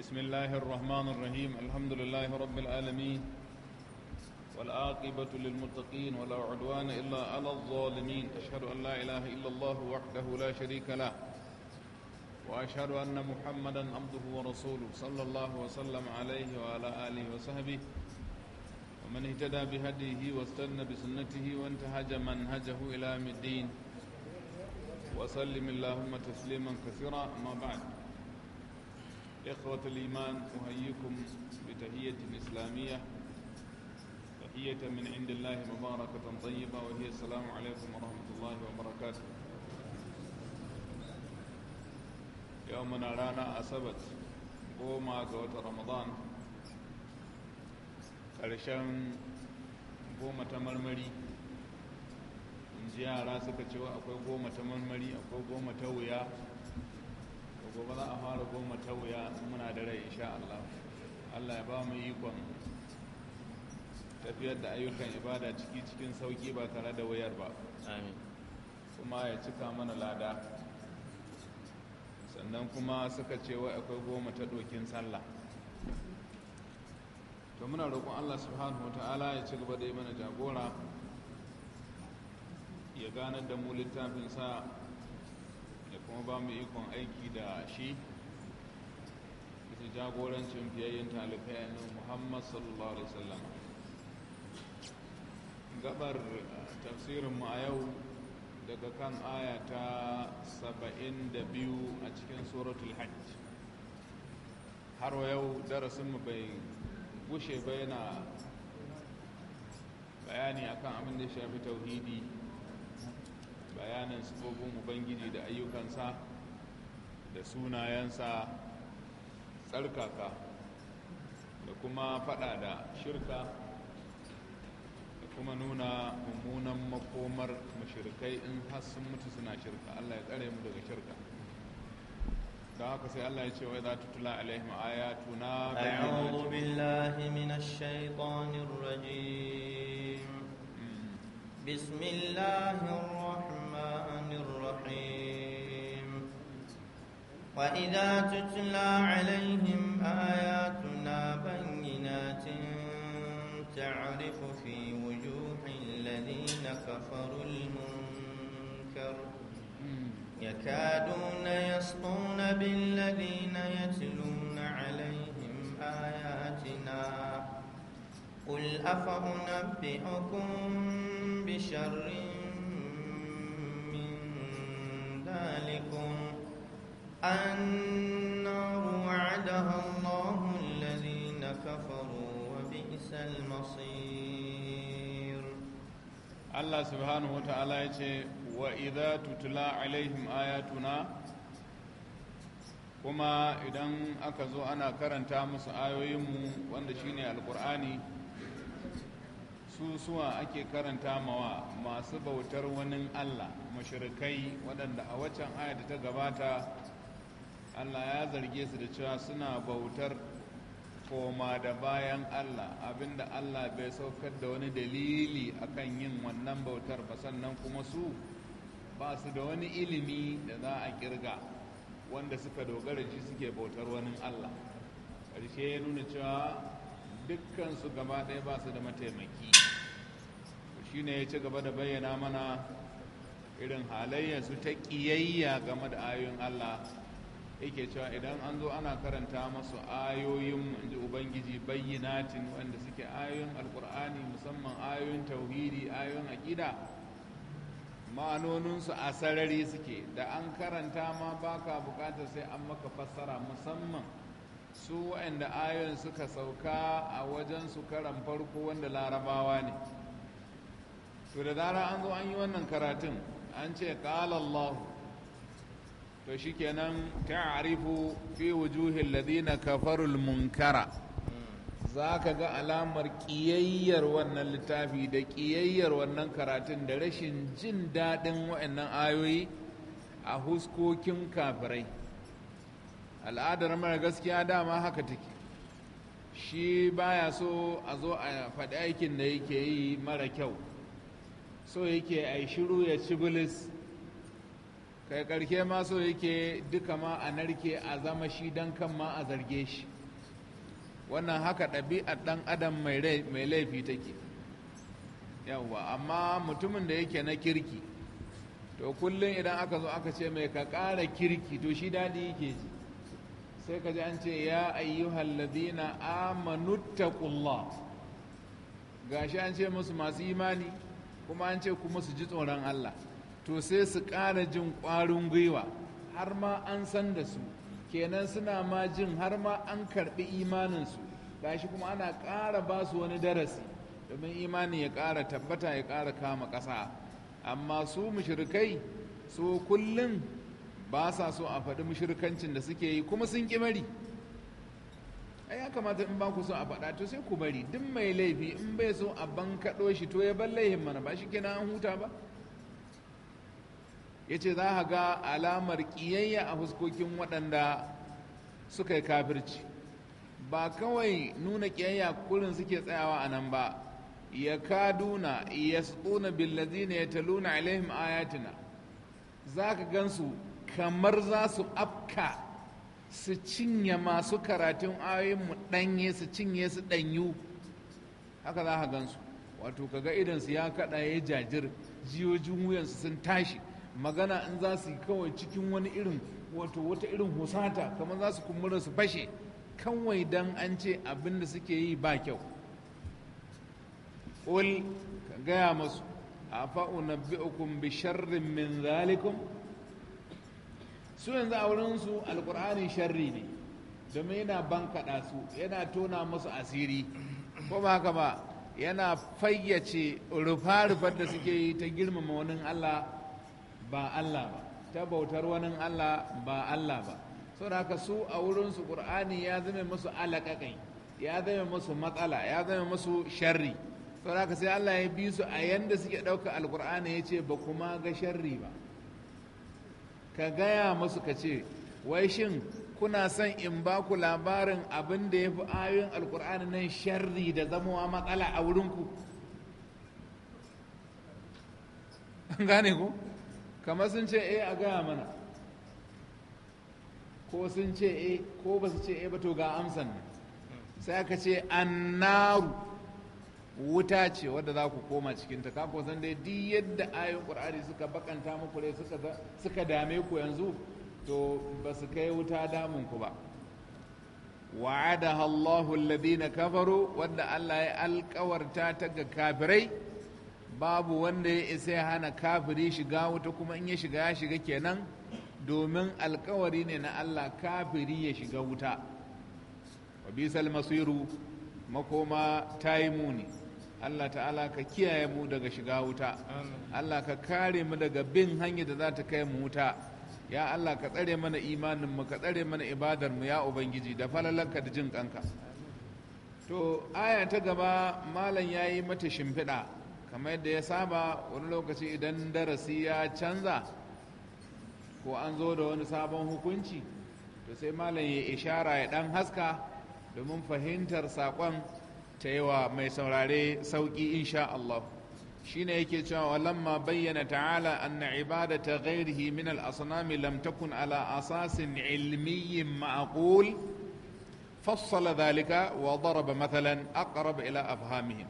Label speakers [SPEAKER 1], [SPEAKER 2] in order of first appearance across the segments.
[SPEAKER 1] بسم الله الرحمن الرحيم الحمد لله رب العالمين والعاقبة للمتقين ولا عدوان إلا على الظالمين أشهد أن لا إله إلا الله وحده لا شريك له وأشهد أن محمدا عبده ورسوله صلى الله وسلم عليه وعلى آله وصحبه ومن اهتدى بهديه واستنى بسنته وانتهج منهجه إلى يوم الدين وسلم اللهم تسليما كثيرا ما بعد إخوة الإيمان أهيكم بتحية إسلامية تحية من عند الله مباركة طيبة وهي السلام عليكم ورحمة الله وبركاته يومنا رانا أسبت goma ga wata ramadan ƙarshen goma ta marmari in ji yara suka cewa akwai goma ta marmari akwai goma ta wuya gobe za a fara goma ta wuya muna da rai insha Allah Allah ya ba mu ikon tafiyar da ayyukan ibada ciki cikin sauki ba tare da wayar ba amin kuma ya cika mana lada sannan kuma suka ce wai akwai goma ta dokin sallah to muna roƙon Allah subhanahu wata'ala ya ci gaba da yi mana jagora ya ganar da mu littafin sa da kuma ba mu ikon aiki da shi bisa jagorancin fiyayyen talibai na muhammad sallallahu alaihi wasallam gabar eh, tafsirinmu a yau daga kan aya ta biyu a cikin suratul hajj har yau darasin mu bai gushe ba yana bayani akan abin da shafi tauhidi bayanin sifofin ubangiji da ayyukansa da sunayensa tsarkaka da kuma fada da shirka da kuma nuna mummunan makomar mashirkai in har mutu suna shirka allah ya tsare mu daga shirka da haka sai
[SPEAKER 2] allah ya ce wai za tutula alaihim ayatuna tuna billahi بسم الله الرحمن الرحيم وإذا تتلى عليهم آياتنا بينات تعرف في وجوه الذين كفروا المنكر يكادون يسطون بالذين يتلون عليهم آياتنا قل أفأنبئكم بشر ذلكم النار وعدها الله الذين كفروا وبئس المصير الله سبحانه وتعالى
[SPEAKER 1] وإذا تتلى عليهم آياتنا kuma idan aka zo ana karanta musu ayoyinmu wanda shine alkur'ani su suwa ake karanta mawa masu bautar wani allah mashirikai waɗanda a waccan aya da ta gabata allah ya zarge su da cewa suna bautar koma da bayan allah abinda allah bai saukar da wani dalili akan yin wannan bautar ba sannan kuma su ba su da wani ilimi da za a kirga wanda suka dogara shi suke bautar wani allah ƙarshe ya nuna cewa dukkan su gaba ɗaya ba su da mataimaki shine ya ci gaba da bayyana mana irin halayyarsu ta ƙiyayya game da ayoyin Allah yake cewa idan an zo ana karanta masu ayoyin inji ubangiji bayyinatin wanda suke ayoyin alkur'ani musamman ayoyin tauhidi ayoyin aƙida ma'anoninsu a sarari suke da an karanta ma baka bukatar sai an maka fassara musamman su wa'anda ayoyin suka sauka a wajen su karan farko wanda larabawa ne to da zara an zo an yi wannan karatun an ce ƙala Allah to shi kenan ta'arifu fi wujuhin ladina kafarul munkara za ka ga alamar ƙiyayyar wannan littafi da ƙiyayyar wannan karatun da rashin jin daɗin wa'annan ayoyi a huskokin kafirai al'adar mara gaskiya dama haka take shi baya so a zo a faɗi aikin da yake yi mara kyau so yake a yi shiru ya ci bilis kai karke ma so yake duka ma a narke a zama shi don kan ma a zarge shi wannan haka ɗabi'ar ɗan adam mai laifi take yawwa amma mutumin da yake na kirki to kullum idan aka zo aka ce mai ka ƙara kirki to shi daɗi yake ji sai ka ji an ce ya ayyuhal ladina amanu taqullah gashi an ce musu masu imani kuma an ce kuma su ji tsoron Allah to sai su ƙara jin ƙwarin gwiwa har ma an san da su kenan suna ma jin har ma an karɓi imaninsu gashi kuma ana ƙara ba su wani darasi domin imani ya ƙara tabbata ya ƙara kama ƙasa amma su mushrikai su kullum ba sa so a faɗi mushirkancin da suke yi kuma sun ƙi bari ai ya kamata in ba ku so a faɗa to sai ku bari duk mai laifi in bai so a bankaɗo shi to ya bar laifin mana ba shi kenan an huta ba ya ce za a ga alamar ƙiyayya a fuskokin waɗanda suka yi kafirci ba kawai nuna ƙiyayya kurin suke tsayawa a nan ba ya kaduna ya tsuna billazina ya taluna alaihim ayatina za ka gansu kamar za su afka su cinye masu karatun ayoyinmu ɗanye su cinye su ɗanyu haka za ka gansu wato kaga idansu ya kaɗa ya jajir jiyojin wuyansu sun tashi magana in za su yi kawai cikin wani irin wato wata irin husata kamar za su kumbura su fashe kawai dan an ce abin da suke yi ba kyau ul ka gaya masu a fa'unabbi'ukum bi sharrin min zalikum su yanzu a wurinsu alkur'ani sharri ne domin yana bankaɗa su yana tona musu asiri ko haka ba yana fayyace rufa-rufar da suke yi ta girmama wani allah ba allah ba ta bautar wani allah ba allah ba saboda haka su a wurinsu ƙur'ani ya zama musu alaƙaƙai ya zama musu matsala ya zama musu sharri saboda haka sai allah ya bi su a yanda suke ɗauka alkur'ani ya ce ba kuma ga sharri ba ka gaya musu ka ce wai shin kuna son in ba ku labarin abin da ya fi ayoyin alkur'ani nan sharri da zamowa matsala a wurinku an gane ku kamar sun ce eh a gaya mana ko sun ce eh ko ba su ce eh ba to ga amsan sai aka ce annaru wuta ce wadda za ku koma cikinta ka san dai duk yadda ayoyin ƙur'ani suka bakanta muku rai suka dame ku yanzu to ba su kai wuta damun ku ba wa'adaha Allahu alladhina kafaru wanda Allah ya alkawarta ta ga kafirai babu wanda ya isa ya hana kafiri shiga wuta kuma in ya shiga ya shiga kenan domin alkawari ne na Allah kafiri ya shiga wuta wa bisal masiru makoma ta Allah ta'ala ka kiyaye mu daga shiga wuta Allah ka kare mu daga bin hanyar da za ta kai mu wuta ya Allah ka tsare mana imanin mu ka tsare mana ibadar mu ya ubangiji da falalanka da jin kanka to aya ta gaba malam yayi mata shimfiɗa kamar yadda ya saba wani lokaci idan darasi ya canza ko an zo da wani sabon hukunci to sai malam ya ishara ya dan haska domin fahimtar saƙon ta yi wa mai saurare sauƙi insha Allah shi ne yake cewa lamma bayyana ta'ala anna ibadata ghairihi min al-asnam lam takun ala asasin ilmiyyin ma'qul fassala dhalika wa daraba mathalan aqrab ila afhamihim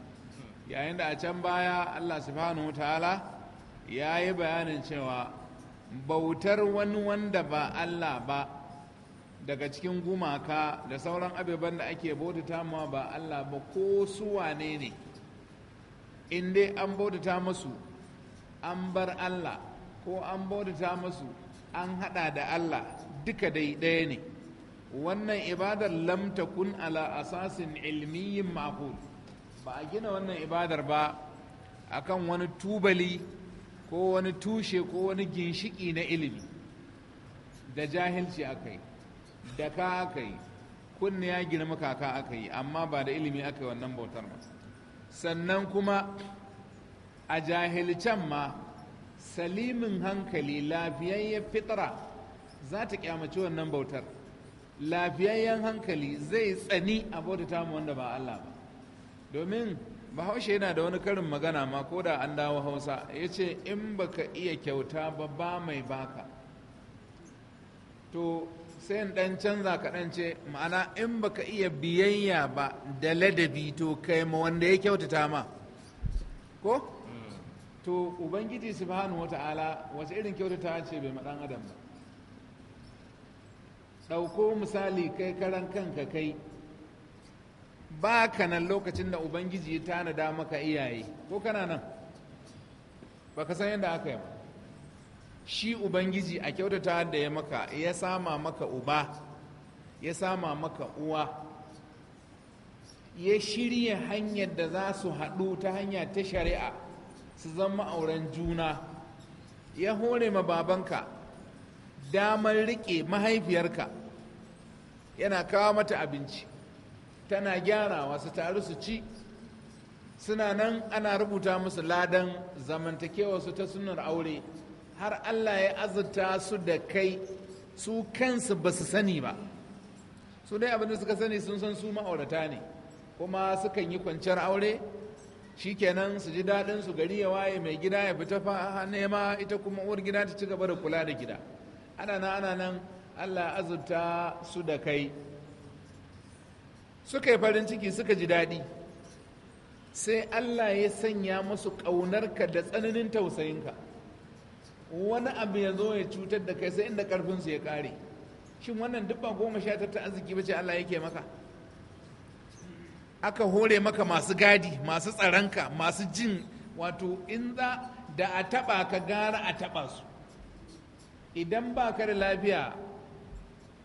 [SPEAKER 1] yayin da a can baya Allah subhanahu ta'ala yayi bayanin cewa bautar wani wanda ba Allah ba daga cikin gumaka da sauran abeban da ake bautata ma ba Allah ba ko su wane ne in dai an bautata masu an bar Allah ko an bautata masu an hada da Allah duka dai ɗaya ne wannan ibadar lam takun ala asasin ilmiyin ma'qul ba a gina wannan ibadar ba akan wani tubali ko wani tushe ko wani ginshiki na ilimi da jahilci akai da ka aka yi kunne ya girma kaka aka yi amma ba da ilimi aka yi wannan bautar ba sannan kuma a jahilcan ma salimin hankali lafiyayyen fitra za ta kyamaci wannan bautar lafiyayyen hankali zai tsani a ta mu wanda ba Allah ba domin bahaushe yana da wani karin magana ma ko da an dawo hausa ya ce in baka iya kyauta ba ba mai baka to sai dan canza kaɗan ce ma'ana in baka iya biyayya ba da ladabi to kai ma wanda ya kyautata ma ko to ubangiji subhanahu wata'ala wace irin kyautata ce bai ma adam ba ɗauko misali kai karan kanka kai ba ka nan lokacin da ubangiji ya tanada maka iyaye ko kana nan ba ka san yadda aka yi ba shi ubangiji a kyautata da ya maka ya sama maka uba ya sama maka uwa ya shirya hanyar da za su haɗu ta hanya ta shari'a su zama auren juna ya hore ma babanka damar riƙe mahaifiyarka yana kawo mata abinci tana gyarawa su taru su ci suna nan ana rubuta musu ladan zamantakewa su ta sunar aure har allah ya azurta su da kai su kansu ba su sani ba su dai abinda suka sani sun san su ma'aurata ne kuma sukan yi kwanciyar aure shikenan su ji daɗin su gari ya waye mai gida ya fita fa nema ita kuma uwar gida ta ci gaba da kula da gida ana nan ana nan allah azurta su da kai suka yi farin ciki suka ji daɗi sai allah ya sanya musu ƙaunarka da tsananin tausayinka wani abu ya zo ya cutar da kai sai inda karfinsu ya kare shin wannan duk ba goma sha ta arziki ba ce Allah yake maka aka hore maka masu gadi masu tsaranka, masu jin wato in za da a taba ka gara a taba su idan ba ka da lafiya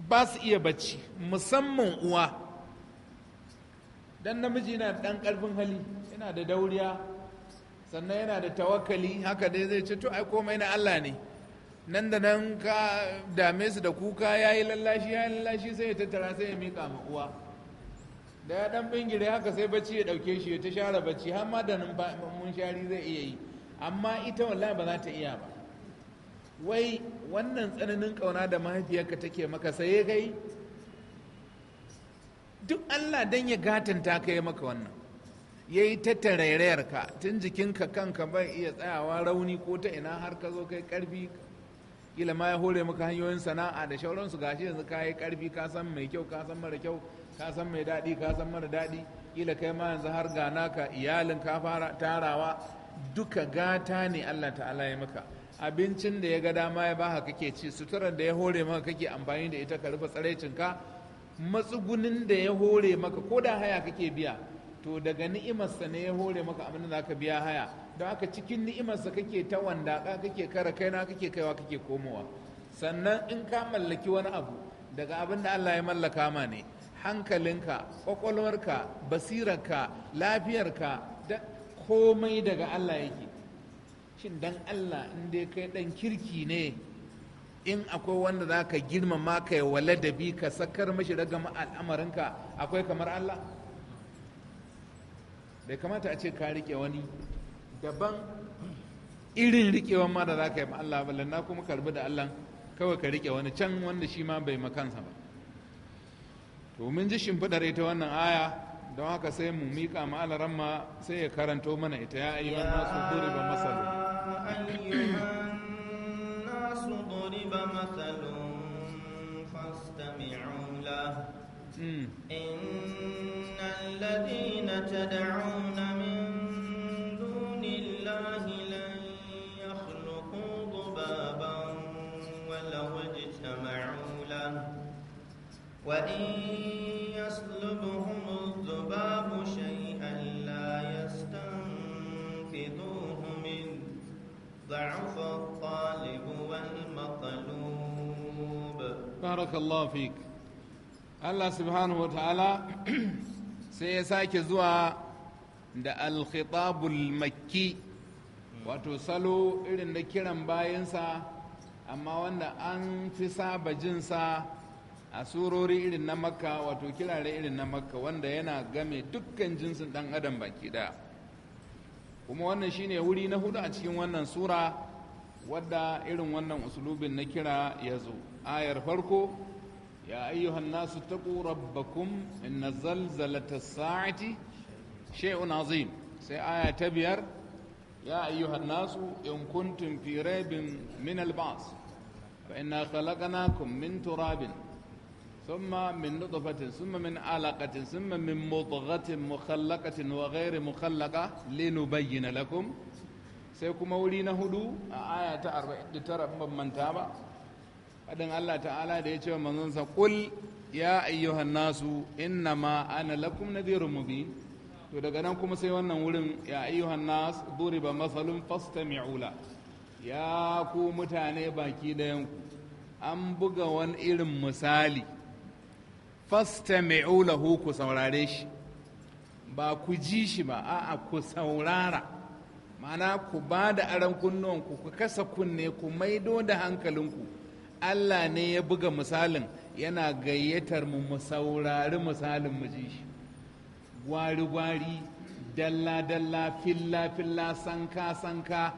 [SPEAKER 1] ba su iya bacci musamman uwa dan namiji yana ɗan karfin hali yana da dauriya sannan yana da tawakkali haka dai zai ce to ai komai na Allah ne nan da nan ka dame su da kuka ya yi lallashi ya yi lallashi sai ya tattara sai ya miƙa ma uwa da ya dan bingire haka sai bacci ya ɗauke shi ya ta share bacci har ma da mun shari zai iya yi amma ita wallahi ba za ta iya ba wai wannan tsananin kauna da mahaifiyarka take maka sai kai duk Allah dan ya gatanta ka yi maka wannan ya yi ta tarairayarka tun jikinka kanka bai iya tsayawa rauni ko ta ina har ka zo kai karfi kila ma ya hore maka hanyoyin sana'a da shauransu shi yanzu ka yi karfi ka san mai kyau ka san mara kyau ka san mai daɗi ka san mara daɗi kila kai ma yanzu har ga naka iyalin ka fara tarawa duka gata ne Allah ta'ala ya maka abincin da ya ga dama ya baka kake ci suturar da ya hore maka kake amfani da ita ka rufe tsaraicinka matsugunin da ya hore maka ko da haya kake biya to daga ni'imarsa ne ya hore maka abin da zaka biya haya don haka cikin ni'imarsa kake ta wandaka kake kara kaina kake kaiwa kake komowa sannan in ka mallaki wani abu daga abin da Allah ya mallaka ma ne hankalinka kwakwalwarka basirarka lafiyarka da komai daga Allah yake shin dan Allah in dai kai dan kirki ne in akwai wanda za ka girmama ka yi ladabi ka sakar mashi ragama al'amarinka akwai kamar Allah bai kamata a ce ka rike wani daban irin rikewan ma da za ka yi ma Allah ba na kuma karbi da Allah kawai ka rike wani can wanda shi ma bai makansa ba to mun ji shimfiɗar ita wannan aya don haka sai mu miƙa ma alaramma sai ya karanto mana ita ya ayi man
[SPEAKER 2] nasu duriba masalu تدعون من دون الله لن يخلقوا ضبابا ولو اجتمعوا له وإن يسلبهم الذباب شيئا لا يستنفذوه منه ضعف الطالب والمطلوب
[SPEAKER 1] بارك الله فيك الله سبحانه وتعالى sai ya sake zuwa da alkhitabul makki wato salo irin na kiran bayansa amma wanda an fi saba jinsa a surori irin na makka wato kirare irin na makka wanda yana game dukkan jinsin dan adam baki da kuma wannan shine wuri na hudu a cikin wannan sura wadda irin wannan usulubin na kira ya zo ayar farko يا أيها الناس اتقوا ربكم إن زلزلة الساعة شيء عظيم سآية تبير يا أيها الناس إن كنتم في ريب من البعث فإنا خلقناكم من تراب ثم من نطفة ثم من علقة ثم من مضغة مخلقة وغير مخلقة لنبين لكم سيكون مولين هدو آية 49 من تابع faɗin Allah ta'ala da ya ce wa manzansa "Kul" ya ayyuhan nasu inna ma ana lakum nadhirun mubin to daga nan kuma sai wannan wurin ya ayyuhan nas duriba masalun fastami'u la ya ku mutane baki dayan ku an buga wani irin misali fastami'u lahu ku saurare shi ba ku ji shi ba a'a ku saurara ma'ana ku ba da aran kunnuwanku ku kasa kunne ku maido da hankalinku Allah ne ya buga misalin yana gayyatar mu mu saurari misalin mu ji shi gwari-gwari dalla-dalla filla-filla sanka-sanka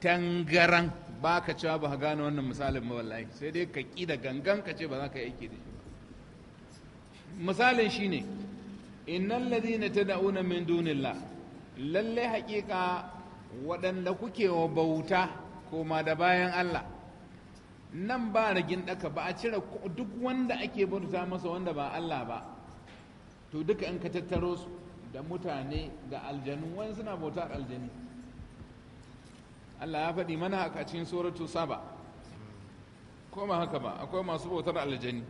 [SPEAKER 1] tangaran ba ka cewa ba gane wannan misalin ba wallahi sai dai ka ƙi da gangan ka ce ba za ka yi aiki da shi misalin shi ne innan ladina ta da'una min dunillah lallai haƙiƙa waɗanda kuke wa bauta koma da bayan Allah nan ba ragin ɗaka ba a cire duk wanda ake bauta masa wanda ba Allah ba to duka in ka tattaro su da mutane da aljanu wani suna bauta aljani Allah ya faɗi mana haka cikin suratu saba ko ma haka ba akwai masu bautar aljani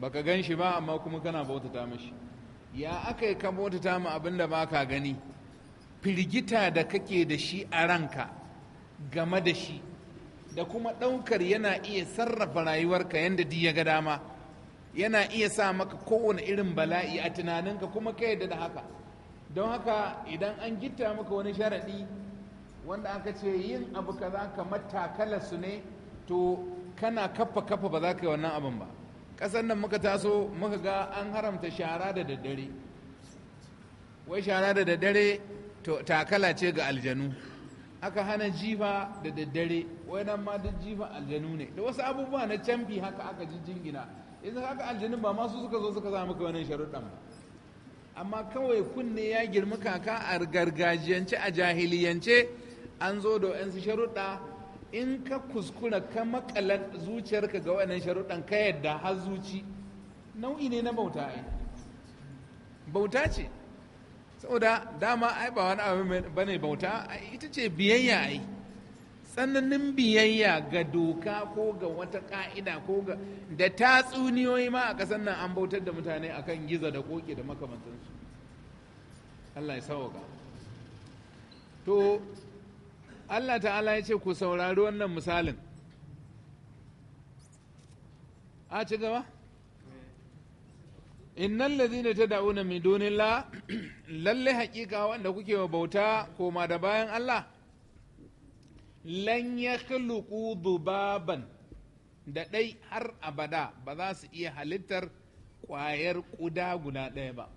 [SPEAKER 1] baka gan shi ba amma kuma kana bautata mashi ya aka yi ka bautata ma abin da baka gani firgita da kake da shi a ranka game da shi da kuma ɗaukar yana iya sarrafa rayuwarka yadda di ya ga dama yana iya sa maka kowane irin bala'i a tunaninka kuma ka yadda da haka don haka idan an gita maka wani sharaɗi wanda aka ce yin abu kaza kamar matakala su ne to kana kafa kafa ba za ka yi wannan abin ba ƙasar nan muka taso muka ga an haramta shara da daddare wai shara da daddare takala ce ga aljanu aka hana jifa da daddare nan ma duk jifan aljanu ne da wasu abubuwa na canfi haka aka jingina idan haka aljanun ba masu suka zo suka zama maka wannan sharuɗan ba amma kawai kunne ya girma kaka a gargajiyance a jahiliyance an zo da wa'yansu sharuɗa in ka kuskura ka makala zuciyarka ga wannan sharuɗan ka yadda har zuci nau'i ne na bauta ai bauta ce saboda dama ai ba wani abu bane bauta ita ce biyayya ai tsananin biyayya ga doka ko ga wata ka'ida ko ga da tatsuniyoyi ma a ƙasar nan an bautar da mutane a kan giza da koke da makamantansu allah ya sauka to allah ta'ala ya ce ku saurari wannan misalin a ci gaba innan lazina ta da'una donin la lalle haƙiƙa wanda kuke bauta koma da bayan allah lan ya dubaban da ɗai har abada ba za su iya halittar ƙwayar ƙuda guda ɗaya ba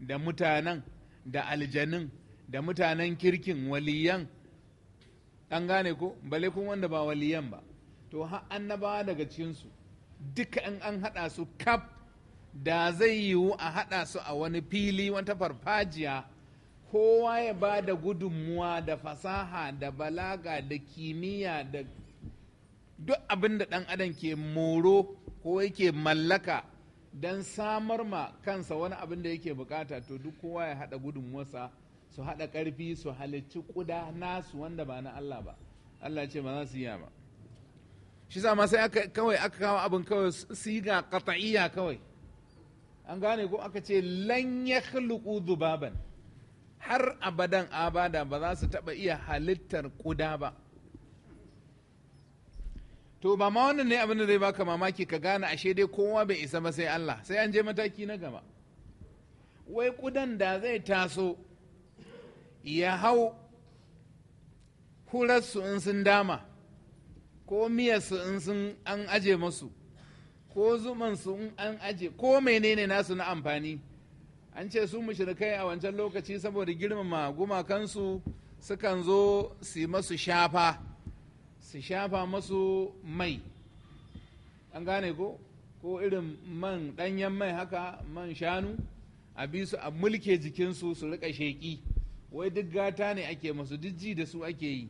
[SPEAKER 1] da mutanen da aljanin da mutanen kirkin waliyan an gane ko bale kun wanda ba waliyan ba to na annabawa daga cikinsu duka in an haɗa su kaf da zai yiwu a haɗa su a wani fili wata farfajiya kowa ya ba da gudunmuwa da fasaha da balaga da kimiyya da duk abin da ɗan adam ke moro ko yake mallaka don samar ma kansa wani abin da yake bukata to duk kowa ya haɗa gudunmuwarsa su haɗa ƙarfi su halicci ƙuda nasu wanda ba na Allah ba Allah ce ba za su yi ba shi za sai aka kawai aka kawo abin kawai siga qat'iyya kawai an gane ko aka ce lan yakhluqu dhubaban har abadan abada ba za su taɓa iya halittar kuda ba to ba ma wannan ne abin da zai baka mamaki ka gane ashe dai kowa bai isa ba sai Allah sai an je mataki na gaba wai kudan da zai taso ya hau hurarsu in sun dama ko miyarsu in sun an aje masu ko zumansu in an aje ko menene nasu na amfani an ce su mushrikai a wancan lokaci saboda girmama gumakansu sukan zo su masu shafa su shafa masu mai an gane ko ko irin man ɗanyen mai haka man shanu a bi su a mulke jikinsu su rika sheki wai duk gata ne ake masu dijji da su ake yi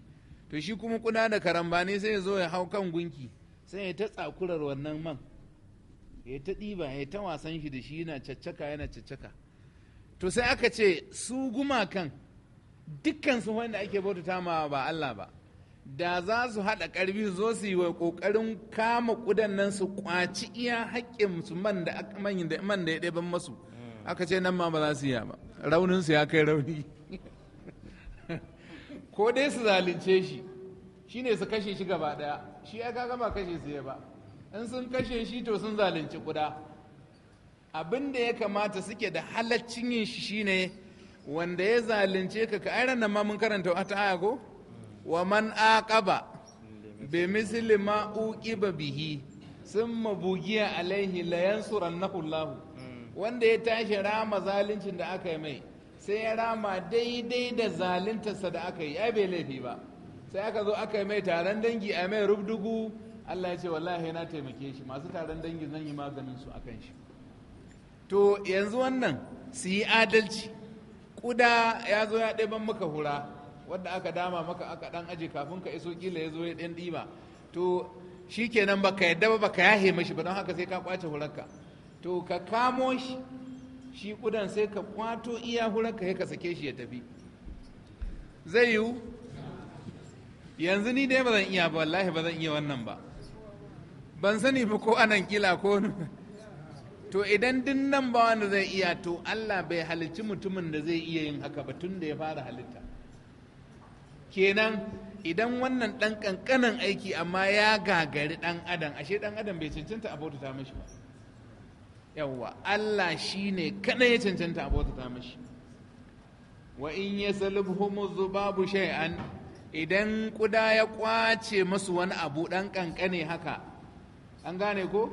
[SPEAKER 1] to shi kuma kuna da karambani sai ya zo ya hau kan gunki sai ya ta tsakurar wannan man ya ta ɗiba ya ta wasan shi da shi yana caccaka yana caccaka to sai aka ce su gumakan dukkan su wanda ake bautata ma ba Allah ba da za su haɗa ƙarfi zo su yi wa ƙoƙarin kama ƙudan nan su ƙwaci iya haƙƙin su man da man da ya ɗeban masu aka ce nan ma ba za su yi ba raunin su ya kai rauni ko dai su zalunce shi shine su kashe shi gaba ɗaya shi ya ga ba kashe su ya ba in sun kashe shi to sun zalunci ƙuda abin da ya kamata suke da halaccin yin shi shine wanda ya zalunce ka ka da ma mun karanta wata aya ko wa man aqaba bi misli ma uqiba bihi summa bugiya alaihi la yansurannahu Allah wanda ya tashi rama zaluncin da aka yi mai sai ya rama daidai da zaluntarsa da aka yi ai bai laifi ba sai aka zo aka yi mai taron dangi a mai rubdugu Allah ya ce wallahi na taimake shi masu taron dangi zan yi maganin su akan shi to yanzu wannan su yi adalci ƙuda ya zo ya ɗaiban maka hura wadda aka dama maka aka ɗan aji kafin ka iso kila ya zo ya ɗan ɗiba to shi kenan baka yadda ba baka yahe mashi ba don haka sai ka ƙwace hurarka to ka kamo shi shi ƙudan sai ka ƙwato iya hurarka sai ka sake shi ya tafi zai yiwu yanzu ni dai ba zan iya ba wallahi ba zan iya wannan ba ban sani ba ko anan kila ko to idan din nan ba wanda zai iya to Allah bai halicci mutumin da zai iya yin haka ba tun da ya fara halitta kenan idan wannan ɗan kankanan aiki amma ya gagari ɗan adam ashe ɗan adam bai cancanta a ta mashi ba yawwa Allah shi ne kaɗai ya cancanta a ta mashi wa in ya salibhumu zubabu shay'an idan kuda ya kwace masu wani abu ɗan ƙanƙane haka an gane ko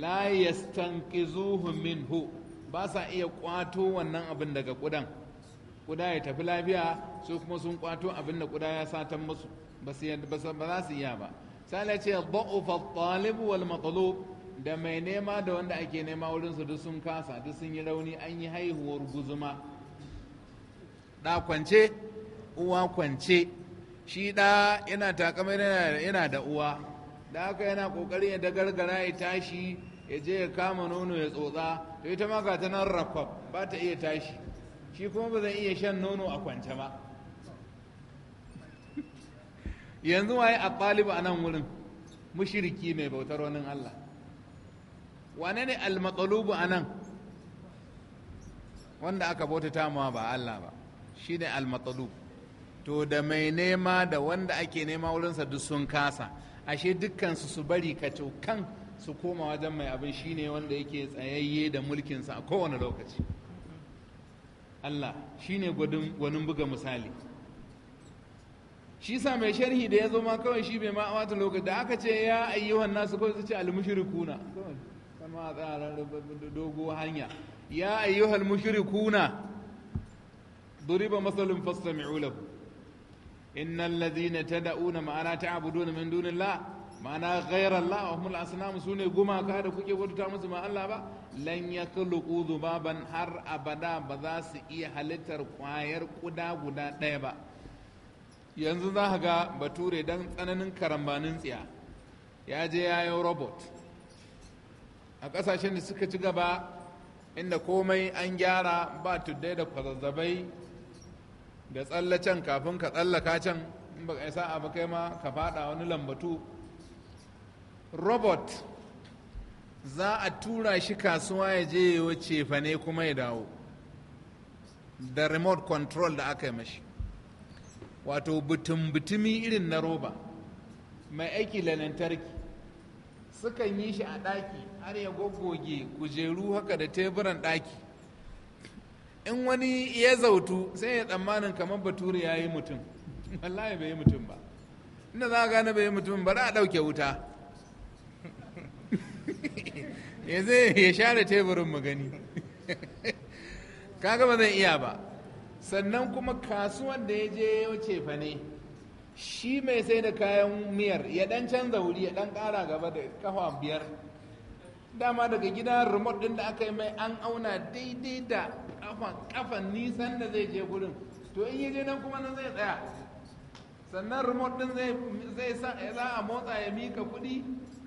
[SPEAKER 1] la yastanqizuhu minhu ba sa iya kwato wannan abin daga kudan kuda ya tafi lafiya su kuma sun kwato abin da kuda ya satan musu ba za su iya ba sai ce da'ufa talib wal matlub da mai nema da wanda ake nema wurinsu su duk sun kasa duk sun yi rauni an yi haihuwar guzuma da kwance uwa kwance shi da yana takamai yana da uwa da haka yana kokarin ya dagargara ya tashi ya je ya kama nono ya tsotsa to ita ma ga ta nan rakwab ba ta iya tashi shi kuma ba zan iya shan nono a kwance ba yanzu waye a ɗaliba a nan wurin mushiriki mai bautar wani Allah wane ne almatsalubu a nan wanda aka bauta ma ba Allah ba shi ne almatsalubu to da mai nema da wanda ake nema wurinsa duk sun kasa ashe dukkansu su bari kacokan su koma wajen mai abin shine wanda yake tsayayye da mulkinsa a kowane lokaci Allah shine gwanin buga misali shi sa mai sharhi da ya zo ma kawai shi bai ma a wata lokaci da aka ce ya ayyuhan nasu kawai su ce almushrikuna kama a tsarar dogo hanya ya ayyuhal mushrikuna duriba masalin fastami'u lahu innal ladina da'una ma'ana ta'buduna min dunillah ma'ana ghayra Allah wa humul asnam sune gumaka da kuke bauta musu ma Allah ba lan yakhluqu dhubaban har abada ba za su iya halittar kwayar kuda guda ɗaya ba yanzu za ka ga bature dan tsananin karambanin tsiya ya je ya yi robot a kasashen da suka ci gaba inda komai an gyara ba tuddai da kwazazzabai da tsallacen kafin ka tsallaka can in ba ka isa abu kai ma ka fada wani lambatu robot za a tura shi kasuwa ya je ya wuce fane kuma ya dawo da remote control da aka yi mashi wato butum-butumi irin na roba mai aiki da lantarki sukan yi shi a ɗaki har ya goggoge kujeru haka da teburan ɗaki in wani ya zautu sai ya tsammanin kamar bature ya yi mutum wallahi bai yi mutum ba inda za a gane bai yi mutum ba za a ɗauke wuta ya zai ya share teburin mu gani kaga ba zan iya ba sannan kuma kasuwan da ya je ya cefa ne shi mai sai da kayan miyar ya dan canza wuri ya dan kara gaba da kafa biyar dama daga gidan remote ɗin da aka yi mai an auna daidai da kafan kafan nisan da zai je gurin to in je nan kuma nan zai tsaya sannan remote din zai sa za a motsa ya mika kuɗi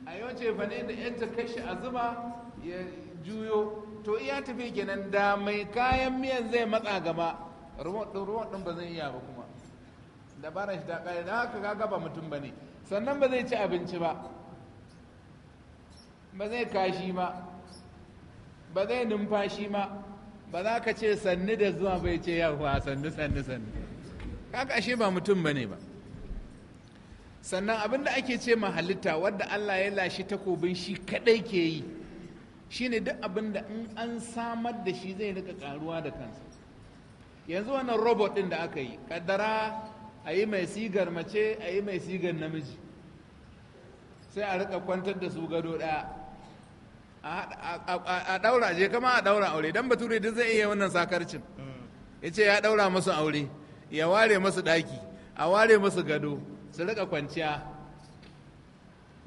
[SPEAKER 1] a yau ce fa ne da yadda kashi a zuba ya juyo to iya tafi kenan da mai kayan miyan zai matsa gaba remote din remote din ba zai iya ba kuma dabarar shi ta kare da haka kaga ba mutum bane sannan ba zai ci abinci ba ba zai kashi ba ba zai numfashi ba ba za ka ce sannu da zuwa bai ce yawa sannu sannu sannu kaka shi ba mutum bane ba sannan abin da ake ce ma halitta wadda Allah ya lashi takobin shi kadai ke yi shine duk abin da in an samar da shi zai rika karuwa da kansa yanzu wannan robot din da aka yi kaddara a yi mai sigar mace a yi mai sigar namiji sai a rika kwantar da su gado daya a daura je kama a daura aure dan bature duk zai iya wannan sakarcin ya ce ya daura masu aure ya ware masu daki a ware masu gado su rika kwanciya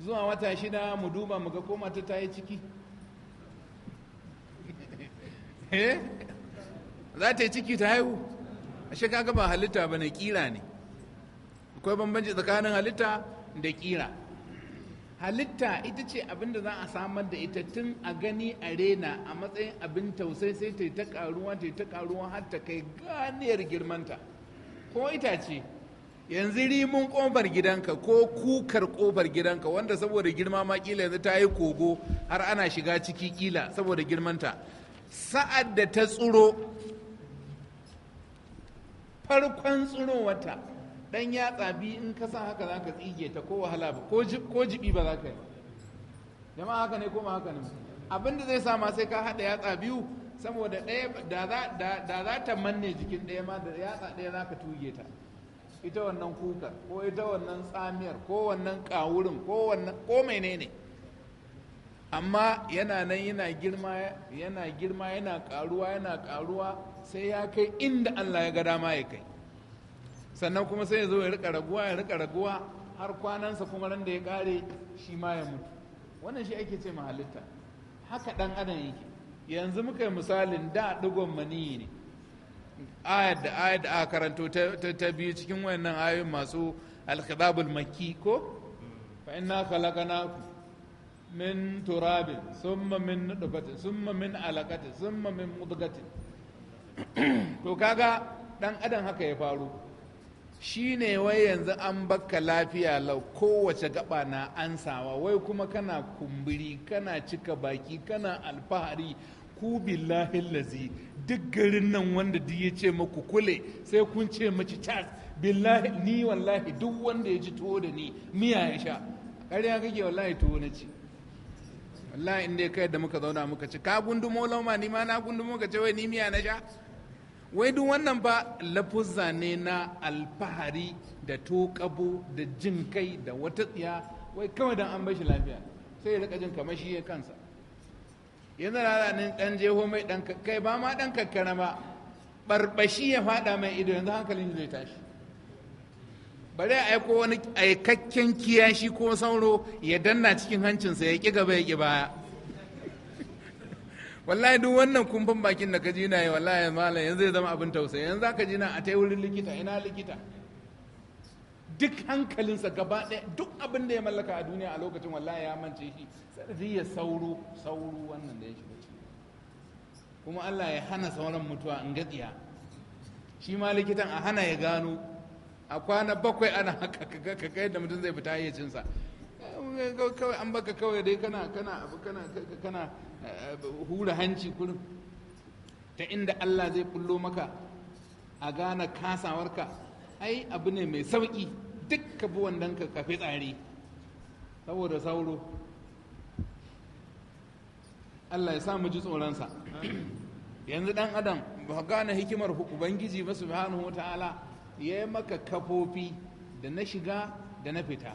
[SPEAKER 1] zuwa wata shida mu duba mu ga koma ta yi ciki eh? za ta yi ciki ta haihu a kaga ba halitta ba na kira ne akwai bambanci tsakanin halitta da kira halitta ita ce abin da za a samar da ita tun a gani a rena a matsayin abin tausai sai ta yi ta karuwa ta yi ta karuwa har ta kai ganiyar girmanta ko ce yanzu rimin ƙofar gidanka ko kukar ƙofar gidanka wanda saboda girma ma kila yanzu ta yi kogo har ana shiga ciki kila saboda girmanta sa'ad da ta tsuro farkon wata. dan yatsa tsabi in ka san haka zaka tsige ta ko wahala ba ko jibi ba zaka yi jama'a haka ne ko ma haka ne Abin da zai sa ma sai ka hada yatsa biyu saboda ɗaya da za ta manne jikin ɗaya ma da yatsa ɗaya za ka tuge ta ita wannan kukar ko ita wannan tsamiyar ko wannan kawurin ko wannan ko menene amma yana nan yana girma yana girma yana karuwa yana karuwa sai ya kai inda Allah ya ga dama ya kai sannan kuma sai ya zo ya rika raguwa ya rika raguwa har kwanansa kuma ran da ya kare shi ma ya mutu wannan shi ake ce mahalitta haka dan adam yake yanzu muka yi misalin da digon mani ne ayat da ayat da aka karanto ta biyu cikin wayannan ayoyin masu alkhitabul makki ko fa inna khalaqnakum min turabin summa min nutfatin summa min alaqatin summa min mudghatin to kaga dan adam haka ya faru shine wai yanzu an baka lafiya lau kowace gaba na ansawa wai kuma kana kumburi kana cika baki kana alfahari ku billahi lazi duk garin nan wanda duk ya ce maku kule sai kun ce maci cas billahi ni wallahi duk wanda ya ci tuwo da ni miya ya sha ƙarya kake wallahi tuwo na ci wallahi inda ya kai da muka zauna muka ci ka gundumo lauma ni ma na gundumo ka ce wai ni miya na sha wai duk wannan ba lafuzza ne na alfahari da tokabo da jin kai da wata tsiya wai kawai dan an bashi lafiya sai ya rika jin kamar shi ya kansa yanzu rana dan jeho mai dan kai ba ma dan kakkana ba barbashi ya fada mai ido yanzu hankalin zai tashi bari a aiko wani aikakken kiyashi ko sauro ya danna cikin hancinsa ya ƙi gaba ya ƙi baya wallahi duk wannan kumfan bakin da ka ji na yi wallahi malam yanzu zai zama abin tausayi yanzu za ka ji na a ta wurin likita ina likita duk hankalinsa gaba ɗaya duk abin da ya mallaka a duniya a lokacin wallahi ya mance shi ya sauro sauro wannan da ya shiga ciki kuma Allah ya hana sauran mutuwa in gatsiya shi ma likitan a hana ya gano a kwana bakwai ana haka ka kai da mutum zai fita hayyacinsa kawai an baka kawai dai kana kana abu kana kana hura hanci kurin ta inda Allah zai kullo maka a gane kasawarka ai abu ne mai sauƙi duk ka bi wannan ka kafe tsari saboda sauro Allah ya sa mu ji tsoronsa yanzu dan adam ba gane hikimar ubangiji ba subhanahu wa ta'ala ya yi maka kafofi da na shiga da na fita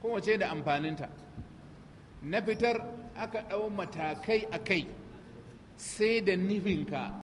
[SPEAKER 1] kowace da amfaninta na fitar aka ɗau matakai a kai sai da nufinka